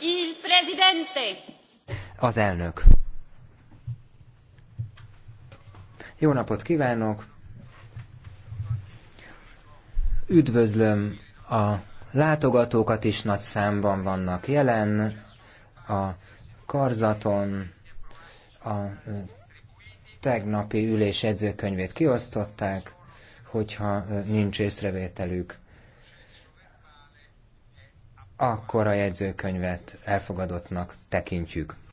Il presidente. Az elnök. Jó napot kívánok! Üdvözlöm a látogatókat is nagy számban vannak jelen, a karzaton, a tegnapi ülés edzőkönyvét kiosztották, hogyha nincs észrevételük akkor a jegyzőkönyvet elfogadottnak tekintjük.